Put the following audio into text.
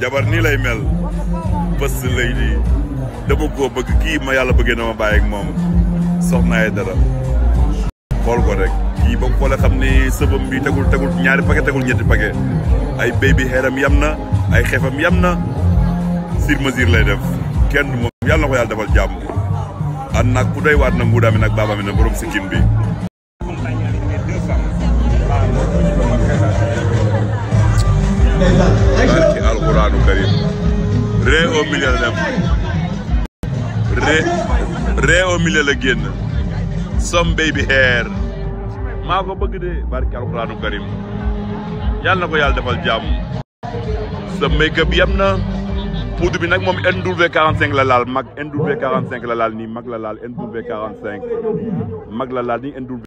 jabar nii lay mel bés lay di dama koo bëgg kii ma yàlla bëggee na ma bàyyi moom soxna ay dara xool ko rek kii ba xoolee xam ni sëbam bi tegul tegul ñaari paquet tegul ñetti paquet ay bi xeeram yam na ay xefam yam na sur mesure lay def kenn moom yàlla na ko yàlla defal jàmm ànd nag ku doy waat na nguudaami nag baabaami na borom sikkim bi Thank you. alxuraanu karim ree au milieu la dem génn some baby hair maa ko bëgg de barki alxuraanu karim yàlla na ko yàlla defal jàmm sa make up yem na poudre bi nag moom NW45 la laal mag NW45 la laal nii mag la laal NW45 mag la laal nii NW